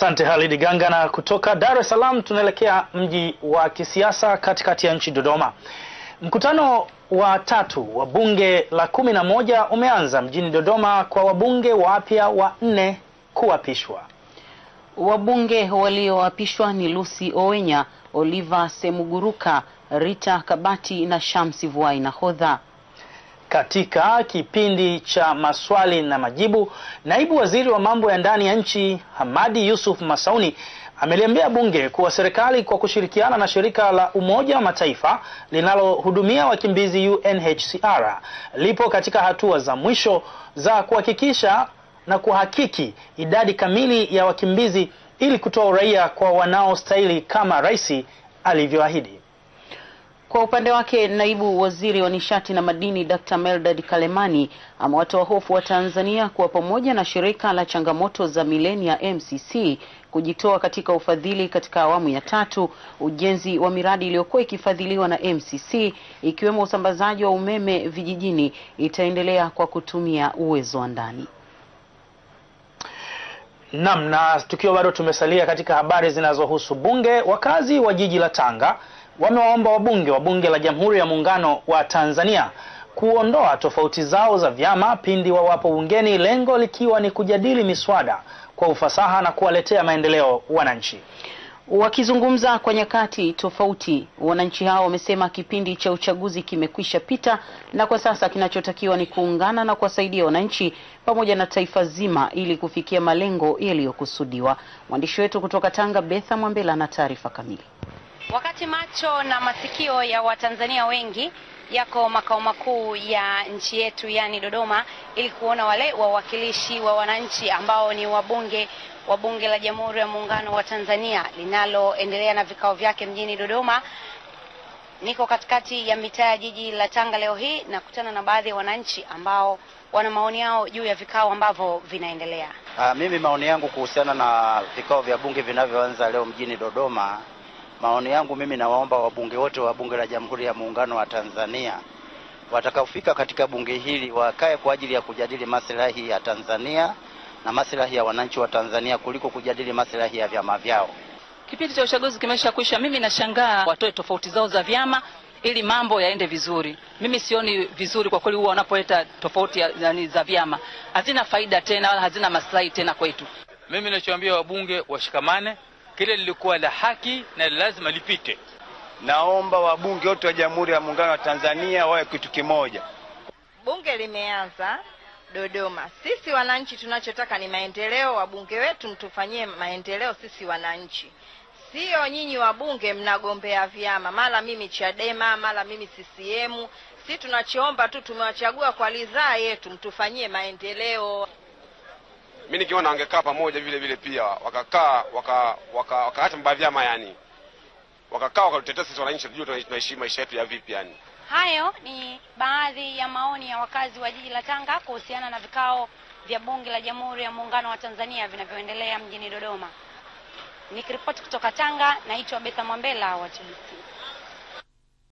Asante Halidi Gangana kutoka Dar es Salaam. Tunaelekea mji wa kisiasa katikati ya nchi Dodoma. Mkutano wa tatu wa bunge la kumi na moja umeanza mjini Dodoma kwa wabunge wapya wa nne kuapishwa. Wabunge walioapishwa ni Lucy Owenya, Oliver Semuguruka, Rita Kabati na Shamsi Vuai Nahodha. Katika kipindi cha maswali na majibu, naibu waziri wa mambo ya ndani ya nchi Hamadi Yusuf Masauni ameliambia bunge kuwa serikali kwa kushirikiana na shirika la Umoja wa Mataifa linalohudumia wakimbizi UNHCR lipo katika hatua za mwisho za kuhakikisha na kuhakiki idadi kamili ya wakimbizi ili kutoa uraia kwa wanaostahili kama rais alivyoahidi. Kwa upande wake naibu waziri wa nishati na madini Dr. Meldad Kalemani amewatoa hofu wa Tanzania kuwa pamoja na shirika la changamoto za milenia MCC kujitoa katika ufadhili katika awamu ya tatu, ujenzi wa miradi iliyokuwa ikifadhiliwa na MCC ikiwemo usambazaji wa umeme vijijini itaendelea kwa kutumia uwezo wa ndani. Naam, na tukiwa bado tumesalia katika habari zinazohusu bunge, wakazi wa jiji la Tanga wamewaomba wabunge wa bunge la Jamhuri ya Muungano wa Tanzania kuondoa tofauti zao za vyama pindi wawapo bungeni, lengo likiwa ni kujadili miswada kwa ufasaha na kuwaletea maendeleo wananchi. Wakizungumza kwa nyakati tofauti, wananchi hao wamesema kipindi cha uchaguzi kimekwisha pita na kwa sasa kinachotakiwa ni kuungana na kuwasaidia wananchi pamoja na taifa zima ili kufikia malengo yaliyokusudiwa. Mwandishi wetu kutoka Tanga, Betha Mwambela, na taarifa kamili. Wakati macho na masikio ya Watanzania wengi yako makao makuu ya nchi yetu yani Dodoma, ili kuona wale wawakilishi wa wananchi ambao ni wabunge wa Bunge la Jamhuri ya Muungano wa Tanzania linaloendelea na vikao vyake mjini Dodoma. Niko katikati ya mitaa ya jiji la Tanga leo hii na kutana na baadhi ya wananchi ambao wana maoni yao juu ya vikao ambavyo vinaendelea. Aa, ah, mimi maoni yangu kuhusiana na vikao vya bunge vinavyoanza leo mjini Dodoma Maoni yangu mimi, nawaomba wabunge wote wa Bunge la Jamhuri ya Muungano wa Tanzania watakaofika katika bunge hili wakae kwa ajili ya kujadili maslahi ya Tanzania na maslahi ya wananchi wa Tanzania kuliko kujadili maslahi ya vyama vyao. Kipindi cha uchaguzi kimesha kuisha Mimi nashangaa watoe tofauti zao za vyama ili mambo yaende vizuri. Mimi sioni vizuri kwa kweli, huwa wanapoleta tofauti yani za vyama hazina faida tena wala hazina maslahi tena kwetu. Mimi nachoambia wabunge washikamane kile lilikuwa la haki na lazima lipite. Naomba wabunge wote wa Jamhuri ya Muungano wa Tanzania wawe kitu kimoja. Bunge limeanza Dodoma. Sisi wananchi tunachotaka ni maendeleo. Wabunge wetu mtufanyie maendeleo sisi wananchi, sio nyinyi wabunge mnagombea vyama, mara mimi Chadema, mara mimi CCM. si tunachoomba tu, tumewachagua kwa ridhaa yetu, mtufanyie maendeleo mi nikiona wangekaa pamoja vile vile pia wakakaa wakaacha waka, waka mabavyama yani wakakaa wakatutetea sisi wananchi, tujue tunaishi maisha yetu ya vipi yani. Hayo ni baadhi ya maoni ya wakazi wa jiji la Tanga kuhusiana na vikao vya bunge la Jamhuri ya Muungano wa Tanzania vinavyoendelea mjini Dodoma. Nikiripoti kutoka Tanga, naitwa Betha Mwambela wa TBC.